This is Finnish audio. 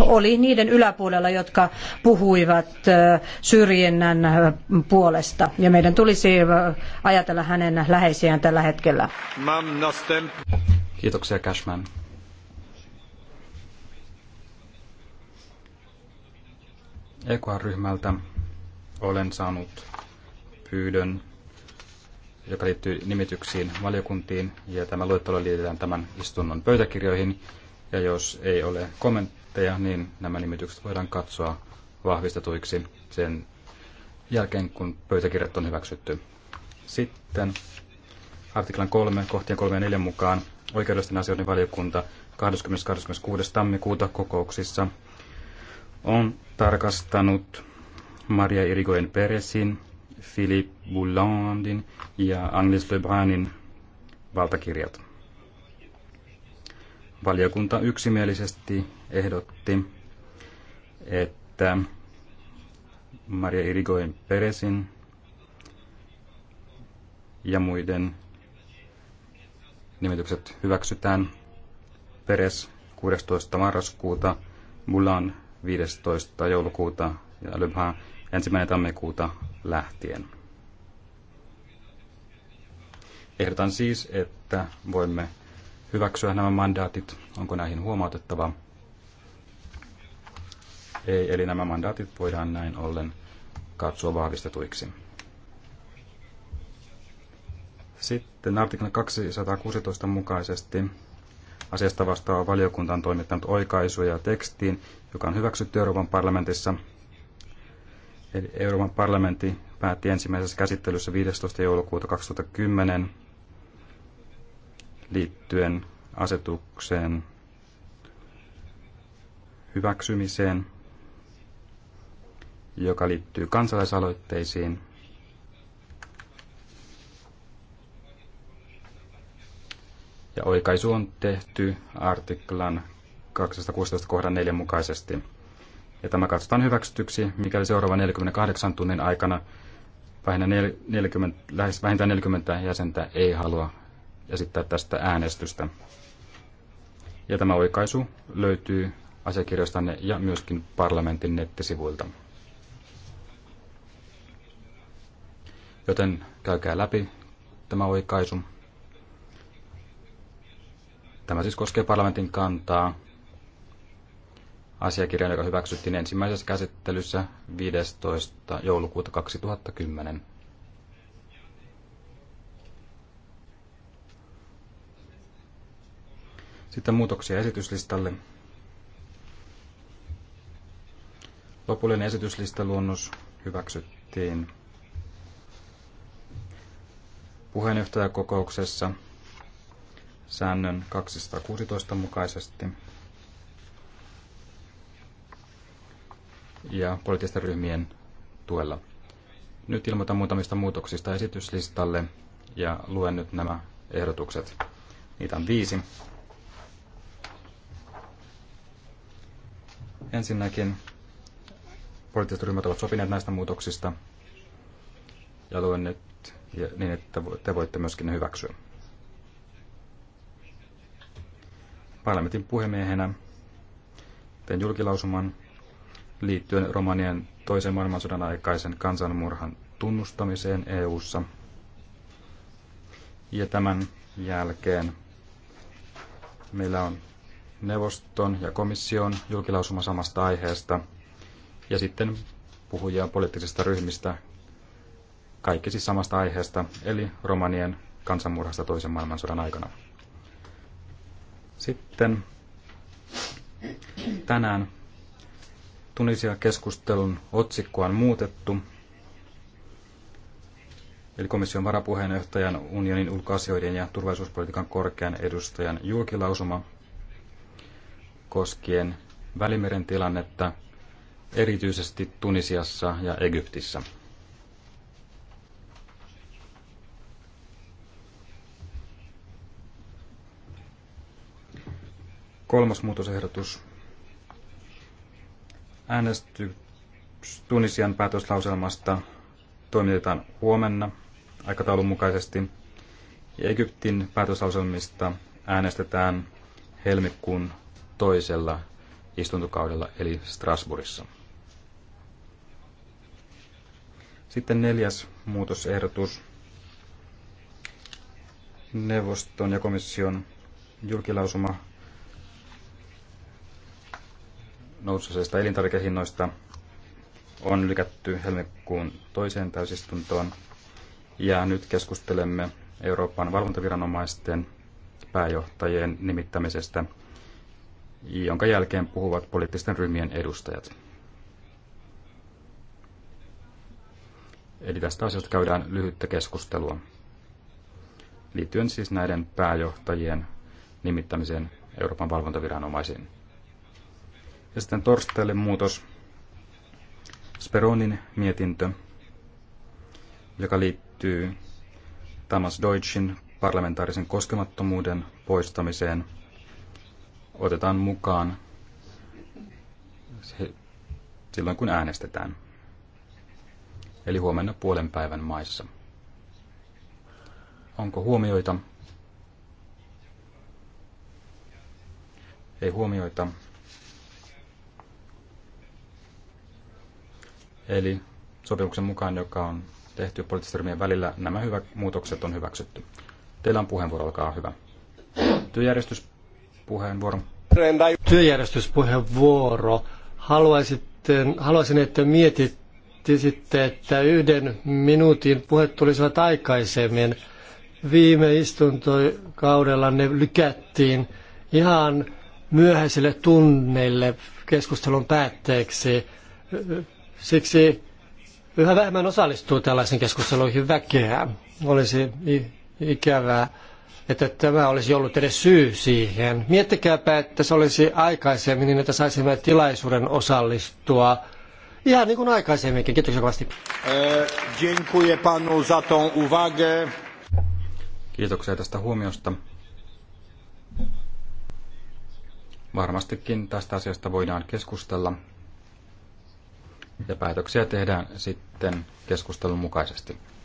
oli niiden yläpuolella, jotka puhuivat syrjinnän puolesta. Ja meidän tulisi ajatella hänen läheisiään tällä hetkellä. Kiitoksia Cashman. EKR-ryhmältä olen saanut pyydön, joka liittyy nimityksiin valiokuntiin, ja tämä luettelo liitetään tämän istunnon pöytäkirjoihin, ja jos ei ole kommentteja, kandidaatteja, niin nämä nimitykset voidaan katsoa vahvistetuiksi sen jälkeen, kun pöytäkirjat on hyväksytty. Sitten artiklan 3, kohtien 3 ja 4 mukaan oikeudellisten asioiden valiokunta 20.26. tammikuuta kokouksissa on tarkastanut Maria Irigoyen Peresin, Philippe Boulandin ja Anglis Lebranin valtakirjat valiokunta yksimielisesti ehdotti, että Maria Irigoyen Peresin ja muiden nimitykset hyväksytään. Peres 16. marraskuuta, Mulan 15. joulukuuta ja Lebhan 1. tammikuuta lähtien. Ehdotan siis, että voimme hyväksyä nämä mandaatit? Onko näihin huomautettava? Ei, eli nämä mandaatit voidaan näin ollen katsoa vahvistetuiksi. Sitten artikla 216 mukaisesti asiasta vastaava valiokunta on toimittanut oikaisuja tekstiin, joka on hyväksytty Euroopan parlamentissa. Eli Euroopan parlamentti päätti ensimmäisessä käsittelyssä 15. joulukuuta 2010 liittyen asetukseen hyväksymiseen, joka liittyy kansalaisaloitteisiin. Ja oikaisu on tehty artiklan 216 kohdan 4 mukaisesti. Ja tämä katsotaan hyväksytyksi, mikäli seuraavan 48 tunnin aikana vähintään 40, lähes vähintään 40 jäsentä ei halua esittää tästä äänestystä. Ja tämä oikaisu löytyy asiakirjoistanne ja myöskin parlamentin nettisivuilta. Joten käykää läpi tämä oikaisu. Tämä siis koskee parlamentin kantaa asiakirjan, joka hyväksyttiin ensimmäisessä käsittelyssä 15. joulukuuta 2010. Sitten muutoksia esityslistalle. Lopullinen esityslistaluonnos hyväksyttiin puheenjohtajakokouksessa säännön 216 mukaisesti. ja poliittisten ryhmien tuella. Nyt ilmoitan muutamista muutoksista esityslistalle ja luen nyt nämä ehdotukset. Niitä on viisi. Ensinnäkin poliittiset ryhmät ovat sopineet näistä muutoksista ja luen nyt niin, että te voitte myöskin ne hyväksyä. Parlamentin puhemiehenä teen julkilausuman liittyen romanien toisen maailmansodan aikaisen kansanmurhan tunnustamiseen EU:ssa. Ja tämän jälkeen meillä on neuvoston ja komission julkilausuma samasta aiheesta ja sitten puhujia poliittisista ryhmistä, kaikki siis samasta aiheesta, eli romanien kansanmurhasta toisen maailmansodan aikana. Sitten tänään Tunisia keskustelun otsikkoa on muutettu, eli komission varapuheenjohtajan, unionin ulkoasioiden ja turvallisuuspolitiikan korkean edustajan julkilausuma – koskien Välimeren tilannetta, erityisesti Tunisiassa ja Egyptissä. Kolmas muutosehdotus. Äänestys Tunisian päätöslauselmasta toimitetaan huomenna aikataulun mukaisesti. Ja Egyptin päätöslauselmista äänestetään helmikuun toisella istuntokaudella, eli Strasbourgissa. Sitten neljäs muutosehdotus. Neuvoston ja komission julkilausuma nousseista elintarvikehinnoista on lykätty helmikuun toiseen täysistuntoon. Ja nyt keskustelemme Euroopan valvontaviranomaisten pääjohtajien nimittämisestä jonka jälkeen puhuvat poliittisten ryhmien edustajat. Eli tästä asiasta käydään lyhyttä keskustelua liittyen siis näiden pääjohtajien nimittämiseen Euroopan valvontaviranomaisiin. Ja sitten torstaille muutos. Speronin mietintö, joka liittyy Thomas Deutschin parlamentaarisen koskemattomuuden poistamiseen – otetaan mukaan silloin, kun äänestetään. Eli huomenna puolen päivän maissa. Onko huomioita? Ei huomioita. Eli sopimuksen mukaan, joka on tehty poliittisten välillä, nämä hyvä, muutokset on hyväksytty. Teillä on puheenvuoro, olkaa hyvä. Työjärjestys puheenvuoron. Työjärjestyspuheenvuoro. Haluaisin, haluaisin että mietitte, että yhden minuutin puheet tulisivat aikaisemmin. Viime istuntokaudella ne lykättiin ihan myöhäisille tunneille keskustelun päätteeksi. Siksi yhä vähemmän osallistuu tällaisiin keskusteluihin väkeä. Olisi ikävää että tämä olisi ollut edes syy siihen. Miettikääpä, että se olisi aikaisemmin, niin että saisimme tilaisuuden osallistua ihan niin kuin aikaisemminkin. Kiitoksia kovasti. Eh, Kiitoksia tästä huomiosta. Varmastikin tästä asiasta voidaan keskustella ja päätöksiä tehdään sitten keskustelun mukaisesti.